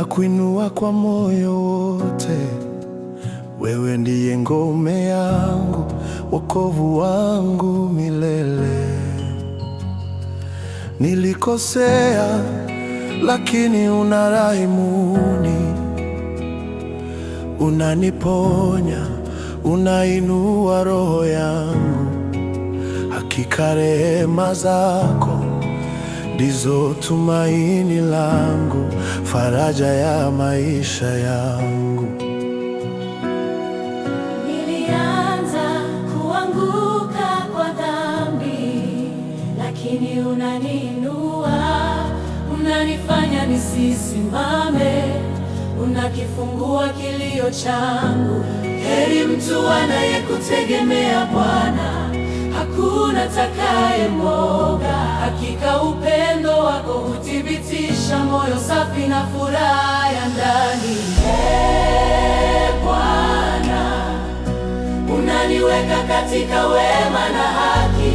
na kuinua kwa moyo wote. Wewe ndiye ngome yangu, wokovu wangu milele. Nilikosea, lakini una rahimuni, unaniponya, unainua roho yangu. Hakika rehema zako ndizo tumaini langu, faraja ya maisha yangu. Nilianza kuanguka kwa dhambi, lakini unaninua, unanifanya nisisimame, unakifungua kilio changu. Heri mtu anayekutegemea Bwana hakuna takaye mwoga. Hakika upendo wako huthibitisha moyo safi na furaha ya ndani. E Bwana, unaniweka katika wema na haki.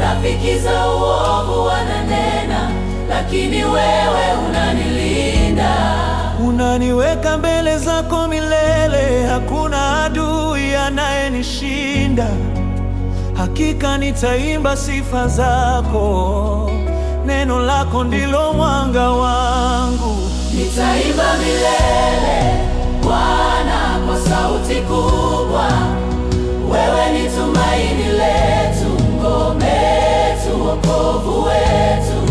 Rafiki za uovu wananena, lakini wewe unanilinda. Unaniweka mbele zako milele, hakuna adui anayenishinda hakika nitaimba sifa zako, neno lako ndilo mwanga wangu. Nitaimba milele Bwana kwa sauti kubwa, wewe ni tumaini letu, ngome yetu, wokovu wetu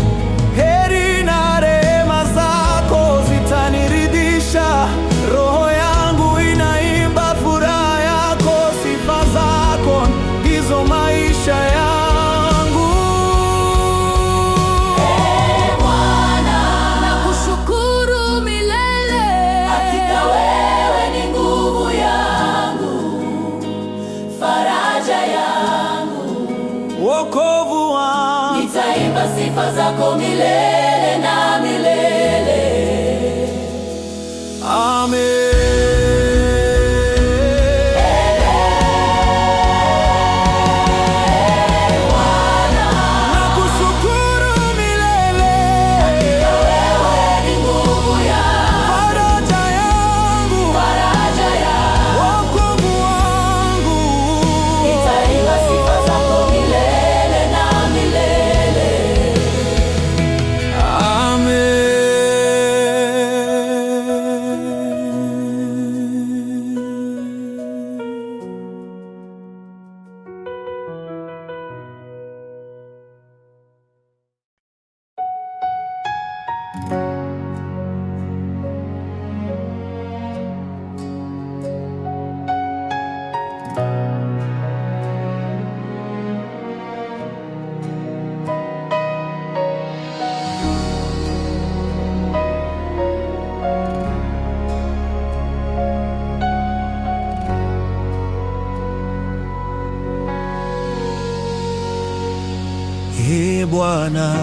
Ee Bwana,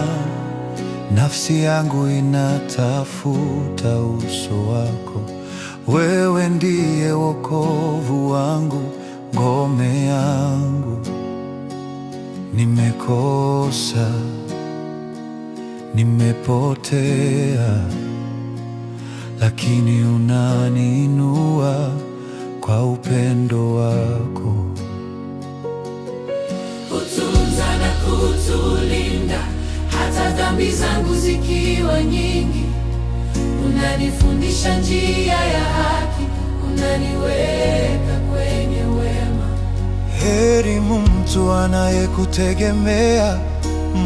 nafsi yangu inatafuta uso wako. Wewe ndiye wokovu wangu, ngome yangu. Nimekosa, nimepotea, lakini unaninua kwa upendo wako kutulinda hata dhambi zangu zikiwa nyingi. Unanifundisha njia ya haki, unaniweka kwenye wema. Heri mtu anayekutegemea,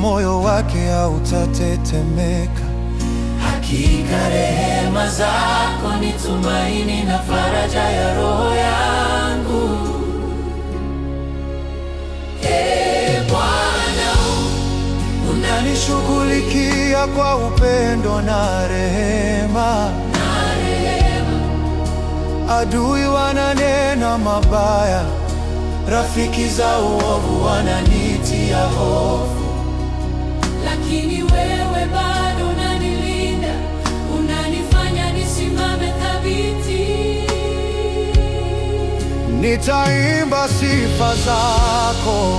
moyo wake hautatetemeka. Hakika rehema zako ni tumaini na faraja ya roho yangu. Nilishughulikia kwa upendo na rehema. Adui wananena mabaya, rafiki za uovu wananitia hofu, lakini wewe bado unanilinda, unanifanya nisimame thabiti. Nitaimba sifa zako.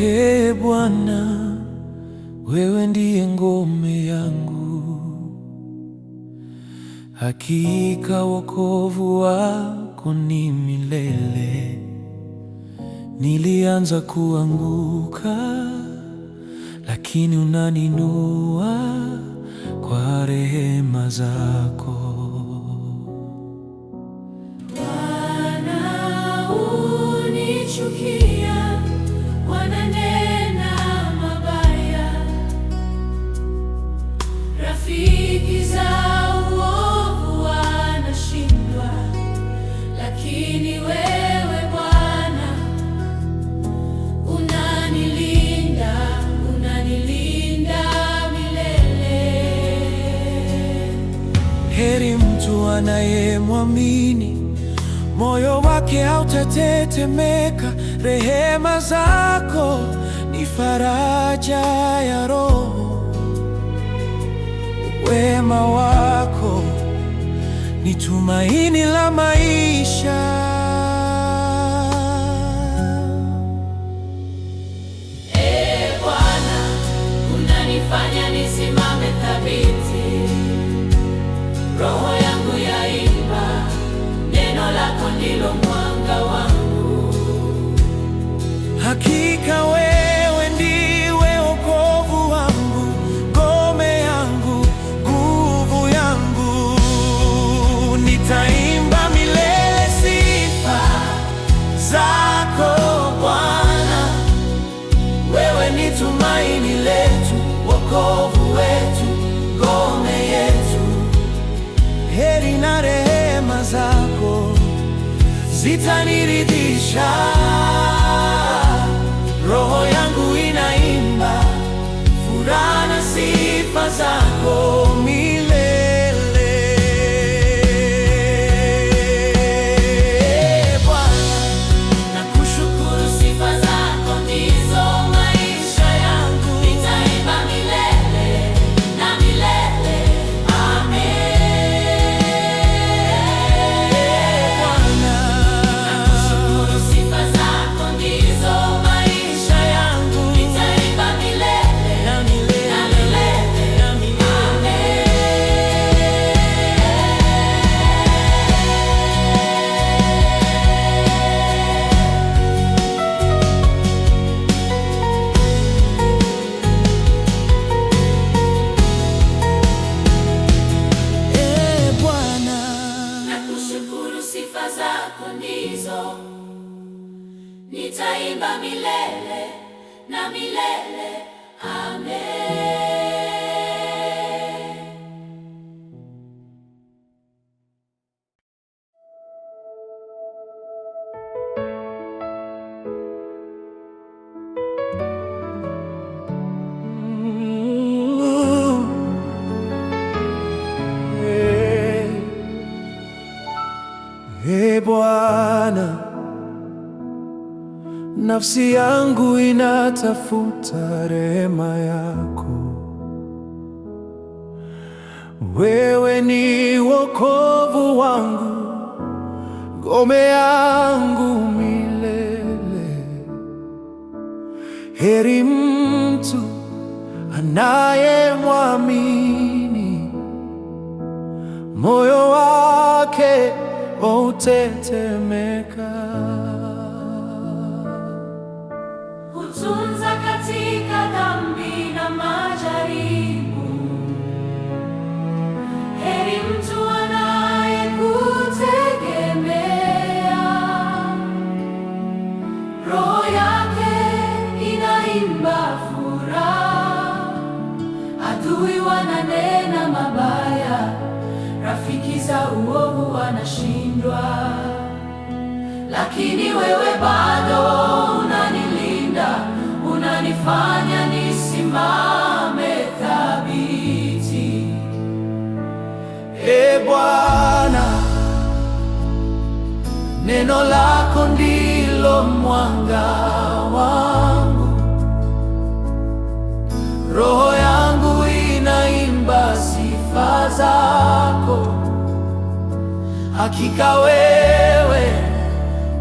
Ee Bwana, wewe ndiye ngome yangu, hakika wokovu wako ni milele. Nilianza kuanguka, lakini unaninua kwa rehema zako. kumwamini, moyo wake hautatetemeka. Rehema zako ni faraja ya roho, wema wako ni tumaini la maisha. itaniridhisha. Roho yangu inaimba furaha na sifa zako. Nafsi yangu inatafuta rehema yako, wewe ni wokovu wangu, ngome yangu milele. Heri mtu anayemwamini, moyo wake hautetemeka. kututunza katika dhambi na majaribu. Neno lako ndilo mwanga wangu, roho yangu inaimba sifa zako. Hakika wewe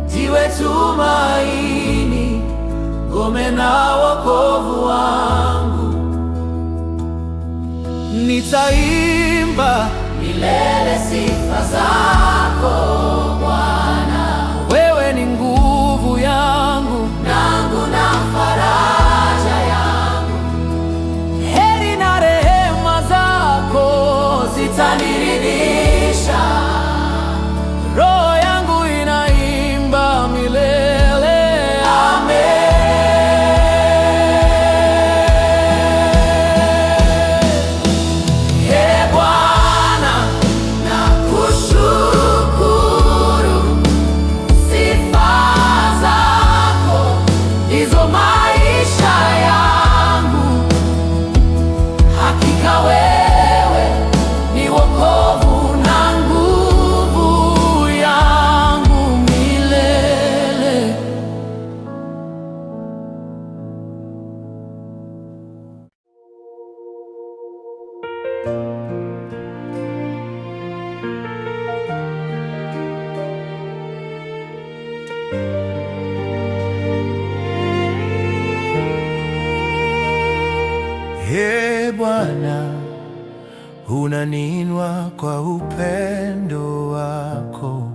ndiwe tumaini, ngome na wokovu wangu, nitaimba milele sifa zako. Bwana, unaninwa kwa upendo wako.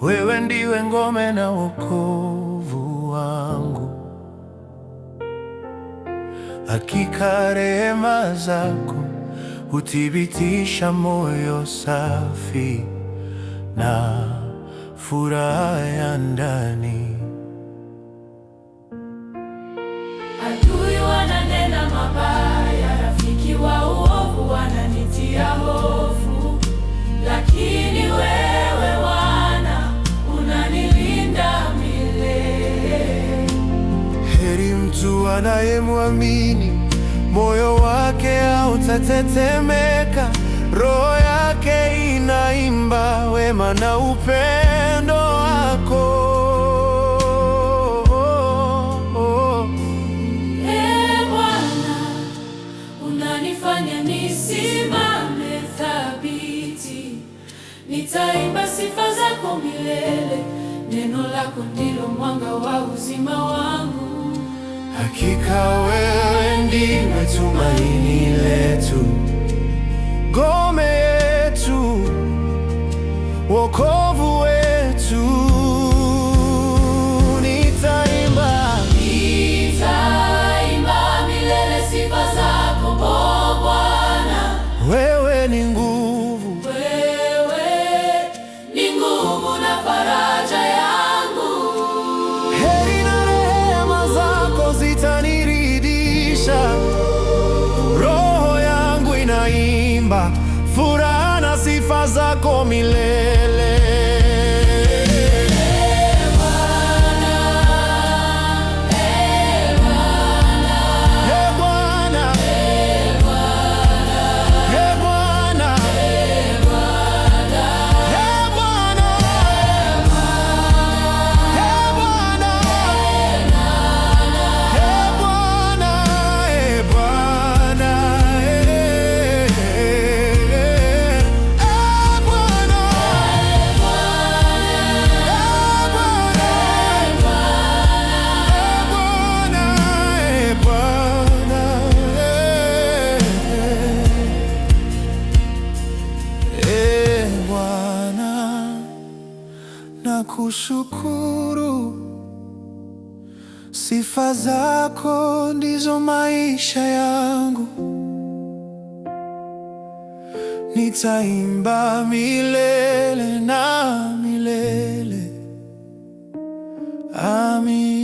Wewe ndiwe ngome na wokovu wangu. Hakika rehema zako huthibitisha moyo safi na furaha ya ndani. Adui wananena mabaya wa uovu wananitia hofu, lakini wewe Bwana unanilinda milele. Heri mtu anayemwamini, moyo wake hautatetemeka, roho yake inaimba wema na upendo nitaimba sifa zako milele. Neno lako ndilo mwanga wa uzima wangu. Hakika wewe ndiwe tumaini letu, ngome yetu, wokovu wetu casa con mi ley. kushukuru. Sifa zako ndizo maisha yangu, nitaimba milele na milele. Amin.